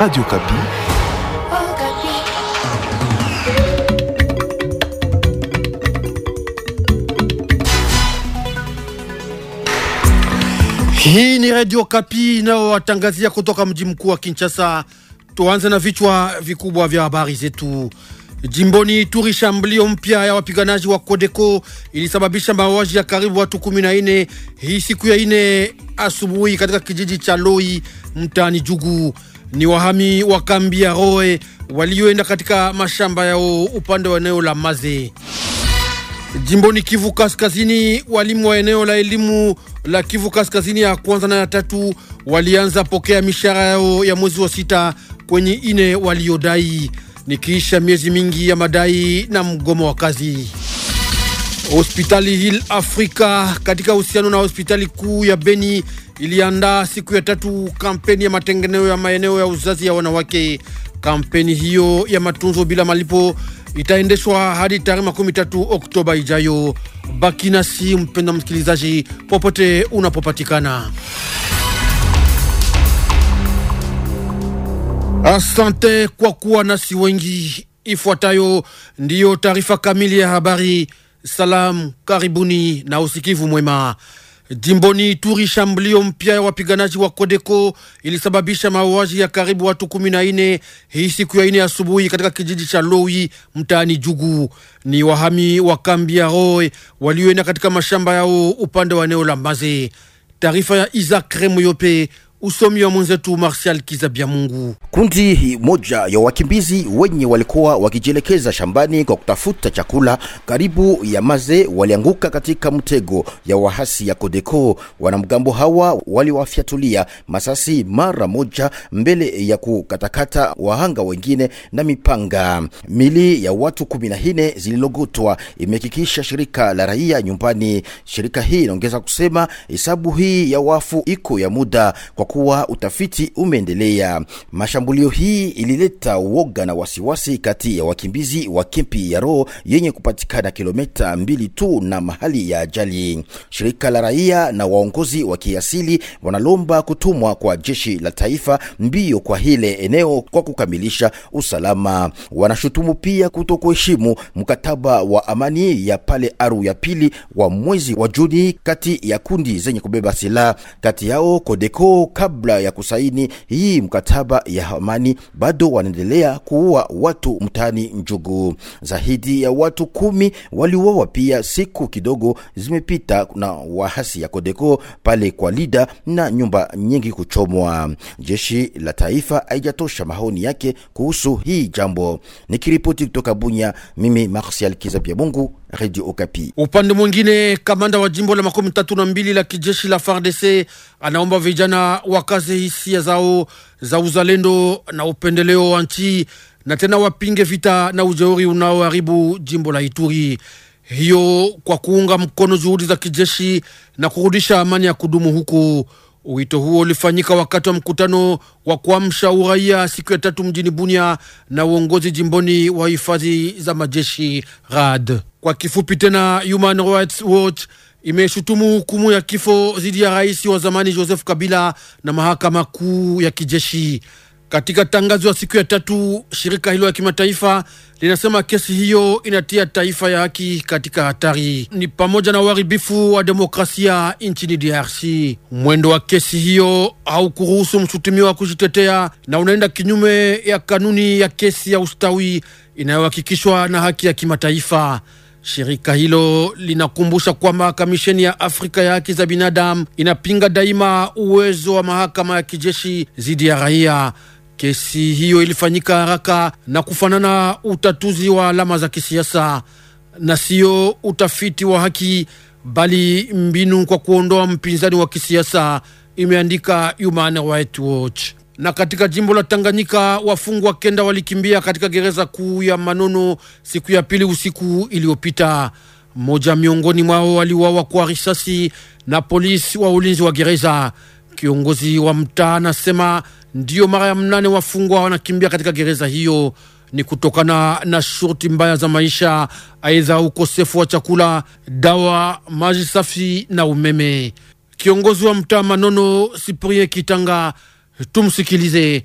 Radio Kapi. Hii ni Radio Kapi watangazia kutoka mji mkuu wa Kinshasa. Tuanze na vichwa vikubwa vya habari zetu. Jimboni Ituri, shambulio mpya ya wapiganaji wa Kodeko ilisababisha mauaji ya karibu watu 14 hii siku ya ine asubuhi katika kijiji cha Loi mtaani Jugu ni wahami wa kambi ya Roe walioenda katika mashamba yao upande wa eneo la Maze jimboni Kivu Kaskazini. Walimu wa eneo la elimu la Kivu Kaskazini ya kwanza na ya tatu walianza pokea mishahara yao ya mwezi wa sita kwenye ine waliodai, nikiisha miezi mingi ya madai na mgomo wa kazi. Hospitali Hill Africa katika uhusiano na hospitali kuu ya Beni iliandaa siku ya tatu kampeni ya matengenezo ya maeneo ya uzazi ya wanawake. Kampeni hiyo ya matunzo bila malipo itaendeshwa hadi tarehe makumi tatu Oktoba ijayo. Baki nasi mpenda msikilizaji, popote unapopatikana. Asante kwa kuwa nasi wengi. Ifuatayo ndiyo taarifa kamili ya habari. Salamu, karibuni na usikivu mwema. Jimboni Ituri, shambulio mpya ya wapiganaji wa Kodeko ilisababisha mauaji ya karibu watu kumi na ine hii siku ya ine asubuhi katika kijiji cha Lowi mtaani Jugu. Ni wahami wa kambi ya Roe walioenda katika mashamba yao upande wa eneo la Maze. Taarifa ya Isaac Remoyope Usomi wa mwenzetu marshal Kizabia Mungu. Kundi moja ya wakimbizi wenye walikuwa wakijielekeza shambani kwa kutafuta chakula karibu ya Maze walianguka katika mtego ya wahasi ya Kodeko. Wanamgambo hawa waliwafyatulia masasi mara moja mbele ya kukatakata wahanga wengine na mipanga. Mili ya watu kumi na nne zililogotwa imehakikisha shirika la raia nyumbani. Shirika hii inaongeza kusema hesabu hii ya wafu iko ya muda kwa kuwa utafiti umeendelea. Mashambulio hii ilileta woga na wasiwasi kati ya wakimbizi wa kempi ya Roho yenye kupatikana kilomita mbili tu na mahali ya ajali. Shirika la raia na waongozi wa kiasili wanalomba kutumwa kwa jeshi la taifa mbio kwa hile eneo kwa kukamilisha usalama. Wanashutumu pia kutokuheshimu mkataba wa amani ya pale Aru ya pili wa mwezi wa Juni kati ya kundi zenye kubeba silaha kati yao Kodeko kabla ya kusaini hii mkataba ya amani bado wanaendelea kuua watu mtani Njugu. Zaidi ya watu kumi waliuawa pia siku kidogo zimepita na wahasi ya Kodeko pale kwa Lida na nyumba nyingi kuchomwa. Jeshi la taifa haijatosha maoni yake kuhusu hii jambo. Nikiripoti kutoka Bunya, mimi Marsial Kizabia Mungu Radio Okapi. Upande mwingine, kamanda wa jimbo la makumi tatu na mbili la kijeshi la FARDC anaomba vijana wakaze hisia zao za uzalendo na upendeleo wa nchi na tena wapinge vita na ujeuri unaoharibu jimbo la Ituri, hiyo kwa kuunga mkono juhudi za kijeshi na kurudisha amani ya kudumu huku Wito huo ulifanyika wakati wa mkutano wa kuamsha uraia siku ya tatu mjini Bunia na uongozi jimboni wa hifadhi za majeshi RAD. Kwa kifupi tena, Human Rights Watch imeshutumu hukumu ya kifo dhidi ya rais wa zamani Joseph Kabila na mahakama kuu ya kijeshi. Katika tangazo ya siku ya tatu, shirika hilo ya kimataifa linasema kesi hiyo inatia taifa ya haki katika hatari, ni pamoja na uharibifu wa demokrasia nchini DRC. Mwendo wa kesi hiyo haukuruhusu mshutumiwa kujitetea na unaenda kinyume ya kanuni ya kesi ya ustawi inayohakikishwa na haki ya kimataifa. Shirika hilo linakumbusha kwamba kamisheni ya Afrika ya haki za binadamu inapinga daima uwezo wa mahakama ya kijeshi dhidi ya raia. Kesi hiyo ilifanyika haraka na kufanana utatuzi wa alama za kisiasa na sio utafiti wa haki, bali mbinu kwa kuondoa mpinzani wa kisiasa, imeandika Human Rights Watch. Na katika jimbo la Tanganyika, wafungwa kenda walikimbia katika gereza kuu ya Manono siku ya pili usiku iliyopita. Mmoja miongoni mwao aliuawa kwa risasi na polisi wa ulinzi wa gereza. Kiongozi wa mtaa anasema ndiyo mara ya mnane wafungwa wanakimbia katika gereza hiyo ni kutokana na shurti mbaya za maisha, aidha ukosefu wa chakula, dawa, maji safi na umeme. Kiongozi wa mtaa Manono, siprie Kitanga, tumsikilize.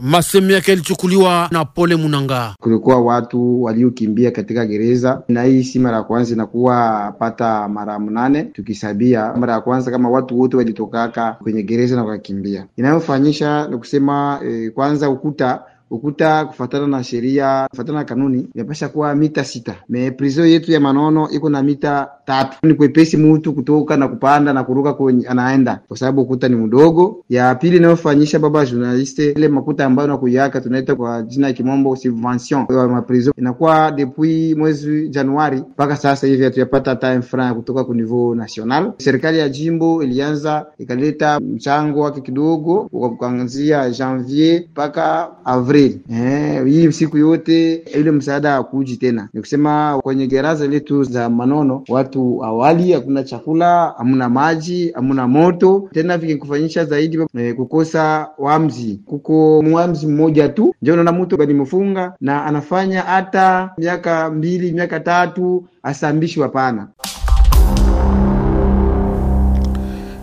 Masemi yake yalichukuliwa na Pole Munanga. Kulikuwa watu waliokimbia katika gereza, na hii si mara ya kwanza, inakuwa pata mara mnane tukisabia mara ya kwanza, kama watu wote walitokaka kwenye gereza na wakakimbia. Inayofanyisha ni kusema eh, kwanza ukuta ukuta kufatana na sheria kufatana na kanuni inapasha kuwa mita sita. Me prizo yetu ya Manono iko na mita Tatu ni kwepesi mutu kutoka na kupanda na kuruka kwenye anaenda, kwa sababu ukuta ni mdogo. Ya pili inayofanyisha baba journaliste, ile makuta ambayo nakuyaka tunaita kwa jina ya kimombo subvention ya maprizo, inakuwa depuis mwezi Januari mpaka sasa hivi hatuyapata hata infra kutoka ku niveau national. Serikali ya jimbo ilianza ikaleta mchango wake kidogo kwa kuanzia janvier mpaka avril. Eh, hii siku yote ile msaada hakuji tena, nikusema kwenye gereza letu za Manono watu watu awali, hakuna chakula, hamuna maji, hamuna moto tena, vikikufanyisha zaidi e, kukosa wamzi. Kuko mwamzi mmoja tu ndio unaona mtu balimufunga na anafanya hata miaka mbili miaka tatu asambishi, hapana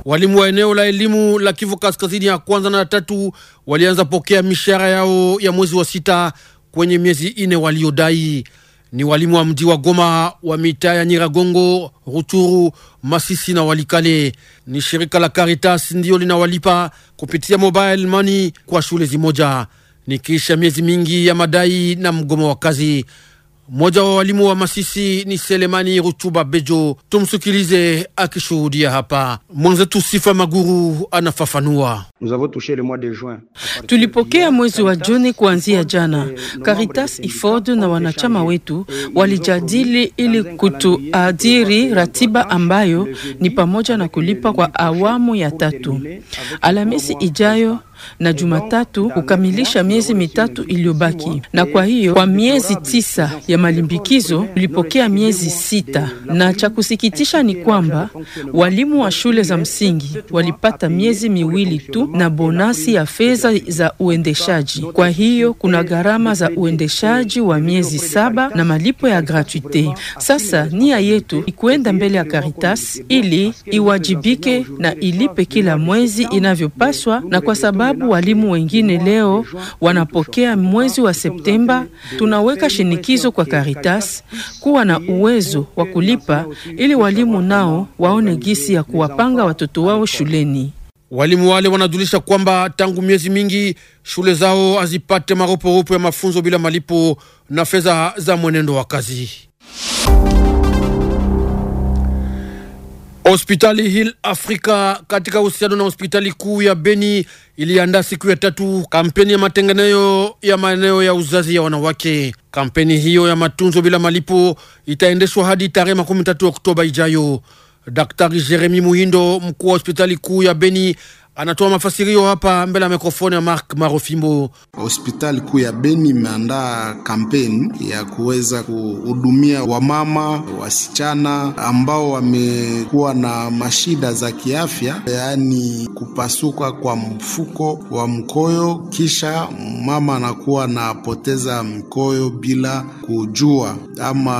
Walimu wa eneo la elimu la Kivu Kaskazini ya kwanza na tatu walianza pokea mishahara yao ya mwezi wa sita kwenye miezi ine waliodai ni walimu wa mji wa Goma wa mitaa ya Nyiragongo, Ruchuru, Masisi na Walikale. Ni shirika la Caritas ndiyo linawalipa kupitia mobile money kwa shule zimoja, nikisha miezi mingi ya madai na mgomo wa kazi. Mmoja wa walimu wa Masisi ni Selemani Rutuba Bejo. Tumsikilize akishuhudia hapa. Mwenzetu Sifa Maguru anafafanua. Tulipokea mwezi wa Juni kuanzia jana. Caritas Iford na wanachama wetu walijadili ili kutuadiri ratiba ambayo ni pamoja na kulipa kwa awamu ya tatu. Alhamisi ijayo na Jumatatu kukamilisha miezi mitatu iliyobaki, na kwa hiyo kwa miezi tisa ya malimbikizo tulipokea miezi sita, na cha kusikitisha ni kwamba walimu wa shule za msingi walipata miezi miwili tu na bonasi ya fedha za uendeshaji. Kwa hiyo kuna gharama za uendeshaji wa miezi saba na malipo ya gratuite. Sasa nia yetu ni kwenda mbele ya Caritas ili iwajibike na ilipe kila mwezi inavyopaswa, na kwa sababu sababu walimu wengine leo wanapokea mwezi wa Septemba. Tunaweka shinikizo kwa Caritas kuwa na uwezo wa kulipa ili walimu nao waone gisi ya kuwapanga watoto wao shuleni. Walimu wale wanajulisha kwamba tangu miezi mingi shule zao hazipate maroporopo ya mafunzo bila malipo na fedha za mwenendo wa kazi. Hospitali Hill Africa katika uhusiano na hospitali kuu ya Beni ilianda siku ya tatu kampeni ya matengenezo ya maeneo ya uzazi ya wanawake. Kampeni hiyo ya matunzo bila malipo itaendeshwa hadi tarehe 13 Oktoba ijayo. Daktari Jeremy Muhindo, mkuu wa hospitali kuu ya Beni, anatoa mafasirio hapa mbele ya mikrofoni ya Mark Marofimbo. Hospitali kuu ya Beni imeandaa kampeni ya kuweza kuhudumia wamama, wasichana ambao wamekuwa na mashida za kiafya, yaani kupasuka kwa mfuko wa mkoyo, kisha mama anakuwa anapoteza mkoyo bila kujua, ama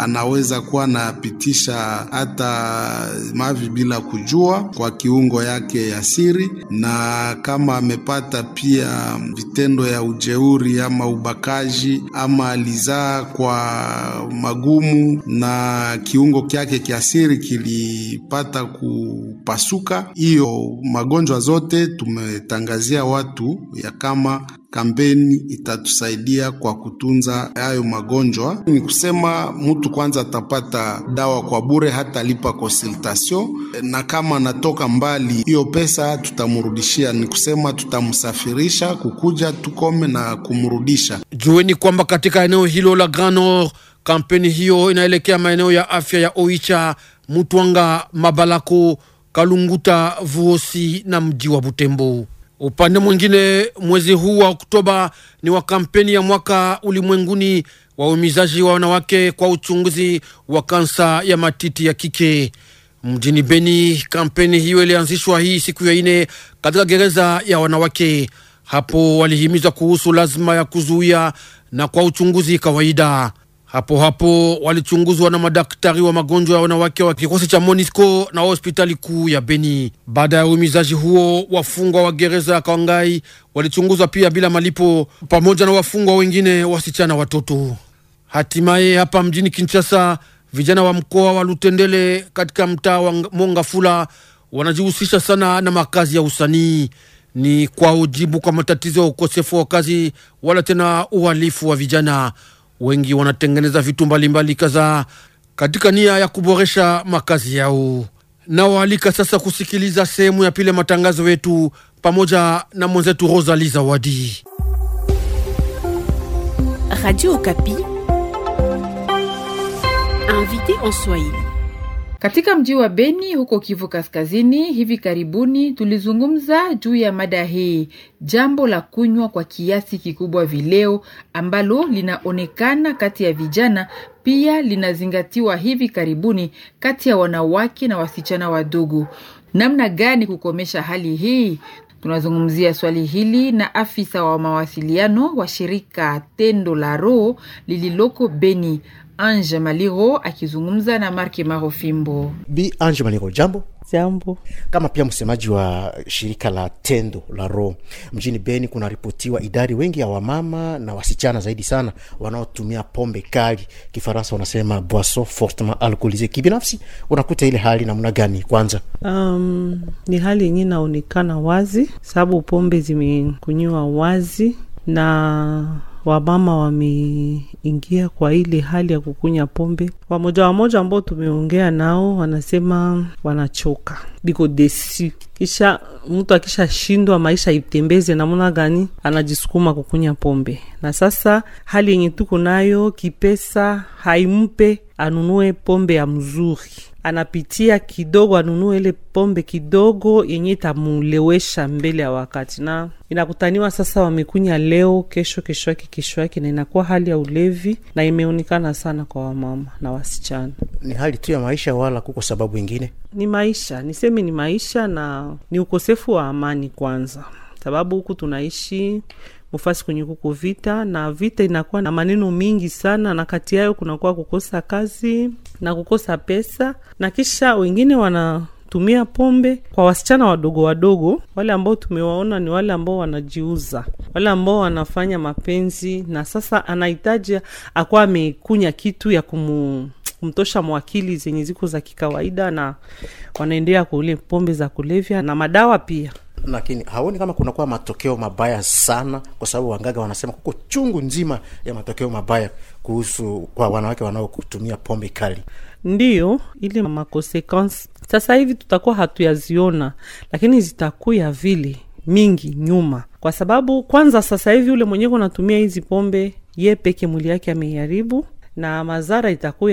anaweza kuwa anapitisha hata mavi bila kujua kwa kiungo yake ya umahiri, na kama amepata pia vitendo ya ujeuri ama ubakaji ama alizaa kwa magumu na kiungo kyake kiasiri siri kilipata kupasuka, hiyo magonjwa zote tumetangazia watu ya kama kampeni itatusaidia kwa kutunza hayo magonjwa. Ni kusema mtu kwanza atapata dawa kwa bure, hata alipa consultation, na kama anatoka mbali, hiyo pesa tutamrudishia. Ni kusema tutamsafirisha kukuja tukome na kumrudisha. Jueni kwamba katika eneo hilo la Grand Nord kampeni hiyo inaelekea maeneo ya afya ya Oicha, Mutwanga, Mabalako, Kalunguta, Vuosi na mji wa Butembo. Upande mwingine, mwezi huu wa Oktoba ni wa kampeni ya mwaka ulimwenguni wa uhimizaji wa wanawake kwa uchunguzi wa kansa ya matiti ya kike. Mjini Beni, kampeni hiyo ilianzishwa hii siku ya ine katika gereza ya wanawake. Hapo walihimizwa kuhusu lazima ya kuzuia na kwa uchunguzi kawaida. Hapo hapo walichunguzwa na madaktari wa magonjwa ya wanawake wa kikosi cha Monisco na hospitali kuu ya Beni. Baada ya uumizaji huo, wafungwa wa gereza ya Kawangai walichunguzwa pia bila malipo, pamoja na wafungwa wengine wasichana watoto. Hatimaye hapa mjini Kinshasa, vijana wa mkoa wa Lutendele katika mtaa wa Mongafula wanajihusisha sana na makazi ya usanii ni kwa ujibu kwa matatizo ya ukosefu wa kazi wala tena uhalifu wa vijana wengi wanatengeneza vitu mbalimbali kadhaa katika nia ya kuboresha makazi yao. Nawaalika sasa kusikiliza sehemu ya pili ya matangazo yetu pamoja na mwenzetu rosali Zawadi. Radio Okapi, invité en Swahili. Katika mji wa Beni huko Kivu Kaskazini, hivi karibuni tulizungumza juu ya mada hii, jambo la kunywa kwa kiasi kikubwa vileo ambalo linaonekana kati ya vijana, pia linazingatiwa hivi karibuni kati ya wanawake na wasichana wadogo. Namna gani kukomesha hali hii? Tunazungumzia swali hili na afisa wa mawasiliano wa shirika Tendo la Roho lililoko Beni Ange Maliro akizungumza na Marke Marofimbo. Bi Ange Maliro, jambo. Jambo. Kama pia msemaji wa shirika la Tendo la ro mjini Beni, kunaripotiwa idadi wengi ya wamama na wasichana zaidi sana wanaotumia pombe kali, Kifaransa wanasema boisson fortement alcoolisee. Kibinafsi unakuta ile hali namna gani? Kwanza um, ni hali yenye inaonekana wazi, sababu pombe zimekunyiwa wazi na wamama wameingia kwa ile hali ya kukunya pombe. Wamoja wamoja ambao tumeongea nao wanasema wanachoka biko desi kisha mtu akishashindwa maisha itembeze namna gani, anajisukuma kukunya pombe. Na sasa hali yenye tuko nayo kipesa haimpe anunue pombe ya mzuri, anapitia kidogo, anunue ile pombe kidogo yenye itamulewesha mbele ya wakati, na inakutaniwa sasa, wamekunya leo, kesho, kesho yake, kesho yake, na inakuwa hali ya ulevi, na imeonekana sana kwa wamama na wasichana. Ni hali tu ya maisha, wala kuko sababu ingine? Ni maisha niseme mimi ni maisha na ni ukosefu wa amani kwanza, sababu huku tunaishi mufasi kwenye kuko vita na vita inakuwa na maneno mingi sana, na kati yayo kunakuwa kukosa kazi na kukosa pesa, na kisha wengine wanatumia pombe kwa wasichana wadogo wadogo. Wale ambao tumewaona ni wale ambao wanajiuza, wale ambao wanafanya mapenzi, na sasa anahitaji akuwa amekunya kitu ya kumu kumtosha mwakili zenye ziko za kikawaida, na wanaendelea kule pombe za kulevya na madawa pia lakini haoni kama kunakuwa matokeo mabaya sana, kwa sababu wangaga wanasema kuko chungu nzima ya matokeo mabaya kuhusu kwa wanawake wanaokutumia pombe kali. Ndiyo ile makonsekansi sasa hivi tutakuwa hatuyaziona, lakini zitakuya vile mingi nyuma, kwa sababu kwanza, sasa hivi ule mwenyewe unatumia hizi pombe ye peke mwili yake ameharibu, na madhara itakuwa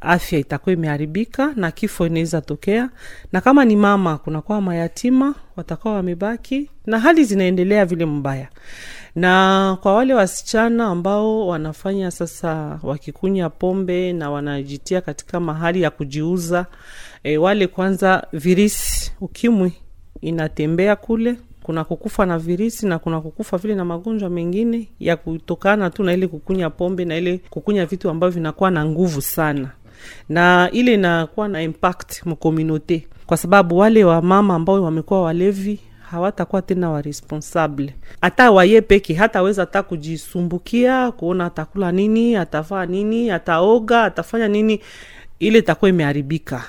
afya itakuwa imeharibika na kifo inaweza tokea, na kama ni mama, kunakuwa mayatima watakuwa wamebaki, na hali zinaendelea vile mbaya. Na kwa wale wasichana ambao wanafanya sasa, wakikunya pombe na wanajitia katika mahali ya kujiuza e, wale kwanza, virisi ukimwi inatembea kule kuna kukufa na virisi na kuna kukufa vile na magonjwa mengine ya kutokana tu na ile kukunya pombe na ile kukunya vitu ambavyo vinakuwa na nguvu sana na ile inakuwa na impact mkomunote, kwa sababu wale wamama ambao wamekuwa walevi hawatakuwa tena waresponsable. Hata waye peke hataweza hata kujisumbukia kuona atakula nini, atavaa nini, ataoga, atafanya nini, ile itakuwa imeharibika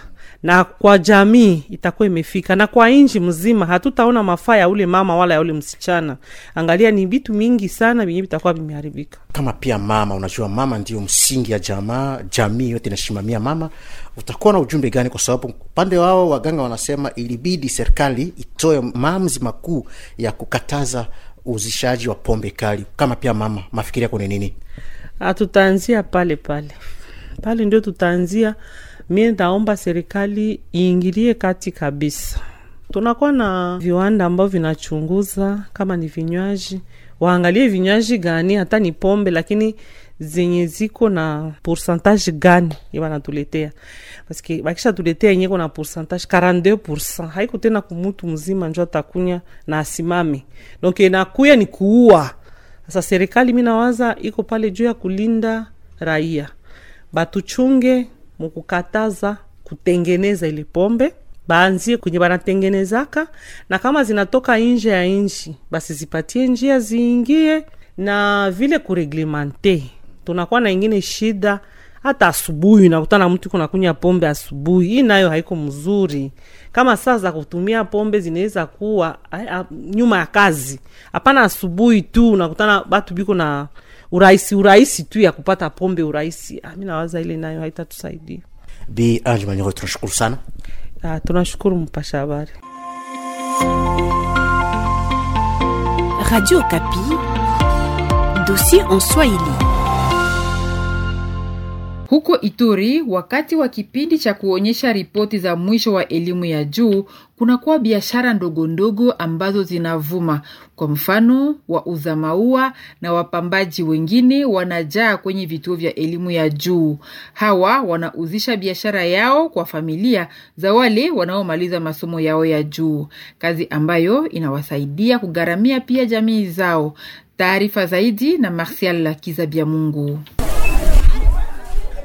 na kwa jamii itakuwa imefika, na kwa nchi mzima hatutaona mafaa ya ule mama wala ya ule msichana. Angalia, ni vitu mingi sana vyenye vitakuwa vimeharibika. Kama pia mama, unajua mama ndio msingi ya jamaa, jamii yote inasimamia mama. Utakuwa na ujumbe gani? Kwa sababu upande wao waganga wanasema ilibidi serikali itoe maamuzi makuu ya kukataza uzishaji wa pombe kali. Kama pia mama, mafikiri yako ni nini? Tutaanzia pale pale pale, ndio tutaanzia mie ndaomba serikali iingilie kati kabisa. Tunakuwa na viwanda ambao vinachunguza kama ni vinywaji, waangalie vinywaji gani, hata ni pombe, lakini zenye ziko na pourcentage gani wanatuletea, paske wakisha tuletea yenye kuna pourcentage 42%, haiko tena kumutu mzima njo atakunya na asimame, donc nakuya ni kuua. Sasa serikali, mi nawaza iko pale juu ya kulinda raia, batuchunge mukukataza kutengeneza ile pombe baanzie kwenye banatengenezaka, na kama zinatoka nje ya nchi basi zipatie njia ziingie, na vile kureglemente. Tunakuwa na ingine shida hata asubuhi nakutana mtu iko nakunywa pombe asubuhi, hii nayo haiko mzuri. Kama saa za kutumia pombe zinaweza kuwa a, a, nyuma ya kazi, hapana asubuhi tu nakutana batu biko na urahisi urahisi tu ya kupata pombe urahisi. Ah, mi nawaza ile nayo haitatusaidia. Bi manyoro tunashukuru sana. Ah, tunashukuru mpasha habari Radio Kapi, dossier en Swahili. Huko Ituri, wakati wa kipindi cha kuonyesha ripoti za mwisho wa elimu ya juu, kunakuwa biashara ndogo ndogo ambazo zinavuma. Kwa mfano, wauza maua na wapambaji wengine wanajaa kwenye vituo vya elimu ya juu. Hawa wanauzisha biashara yao kwa familia za wale wanaomaliza masomo yao ya juu, kazi ambayo inawasaidia kugharamia pia jamii zao. Taarifa zaidi na Marsial Kizabia Mungu.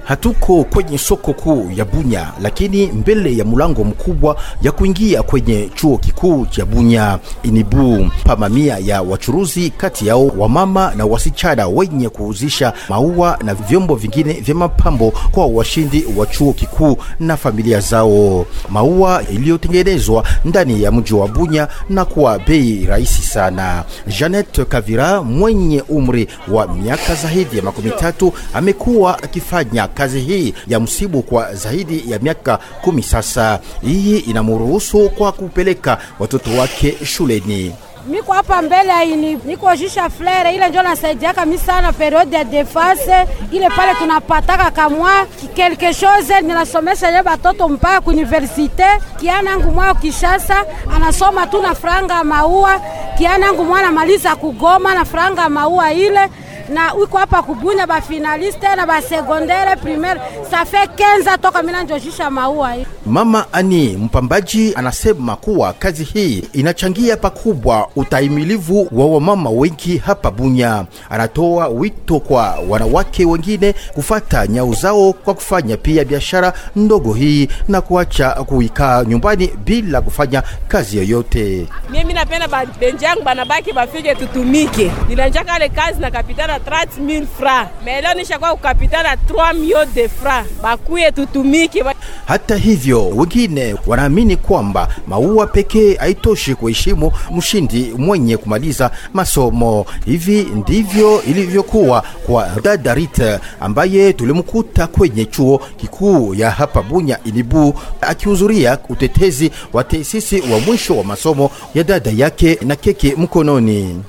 Hatuko kwenye soko kuu ya Bunya, lakini mbele ya mlango mkubwa ya kuingia kwenye chuo kikuu cha Bunya inibu pa mamia ya wachuruzi, kati yao wamama na wasichana wenye kuuzisha maua na vyombo vingine vya mapambo kwa washindi wa chuo kikuu na familia zao. Maua iliyotengenezwa ndani ya mji wa Bunya na kwa bei rahisi sana. Janet Kavira mwenye umri wa miaka zaidi ya makumi tatu amekuwa akifanya kazi hii ya msibu kwa zaidi ya miaka kumi sasa. Hii inamruhusu kwa kupeleka watoto wake shuleni. Miko hapa mbele aini niko jisha flere ile njo nasaidiaka mi sana periode ya defense ile pale tunapataka kamwa quelque chose, ninasomesha ye batoto mpaka ku universite. Kianangu mwa Kishasa anasoma tu na franga maua, kianangu mwa anamaliza kugoma na franga maua ile na uko hapa kubunya ba finaliste na ba secondaire primaire ça safe kenza toka mina njoshisha maua hii. Mama Ani mpambaji anasema kuwa kazi hii inachangia pakubwa utaimilivu wa wamama wengi hapa Bunya. Anatoa wito kwa wanawake wengine kufata nyao zao kwa kufanya pia biashara ndogo hii na kuacha kuikaa nyumbani bila kufanya kazi yoyote. Mimi napenda benjangu banabaki bafike tutumike, ninanjaka ile kazi na kapitana 30 000 francs melo nishakuwa kukapita na 3 millions de francs, bakuye tutumike. Hata hivyo wengine wanaamini kwamba maua pekee haitoshi kuheshimu mshindi mwenye kumaliza masomo. Hivi ndivyo ilivyokuwa kwa dada Rita ambaye tulimkuta kwenye chuo kikuu ya hapa Bunya Ilibu akihudhuria utetezi wa tesisi wa mwisho wa masomo ya dada yake na keki mkononi.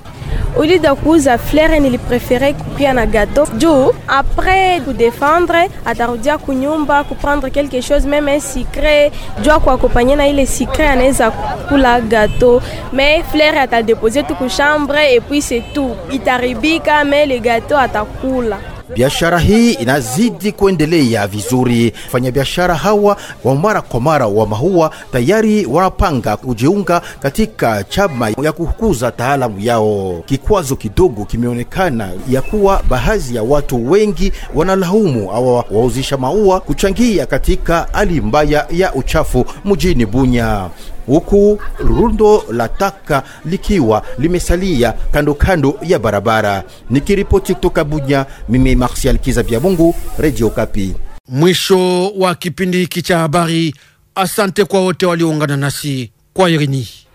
Au lieu d'accuser Flair, il préférait couper un gâteau. après, pour défendre, Adarudia Kunyumba, pour prendre quelque chose, même un secret, Il a accompagné il secret, il est pour le gâteau. Mais Flair, a déposé tout la chambre, et puis c'est tout. Il t'arrive, mais le gâteau, à la coulé. Biashara hii inazidi kuendelea vizuri. Wafanyabiashara hawa wa mara kwa mara wa maua tayari wanapanga kujiunga katika chama ya kukuza taalamu yao. Kikwazo kidogo kimeonekana ya kuwa baadhi ya watu wengi wanalaumu awa wauzisha maua kuchangia katika hali mbaya ya uchafu mjini Bunya huku rundo la taka likiwa limesalia kando kando ya barabara. Nikiripoti kutoka Bunya, mimi Martial vya Mungu, Radio Kapi. Mwisho wa kipindi hiki cha habari. Asante kwa wote walioungana nasi kwa irini.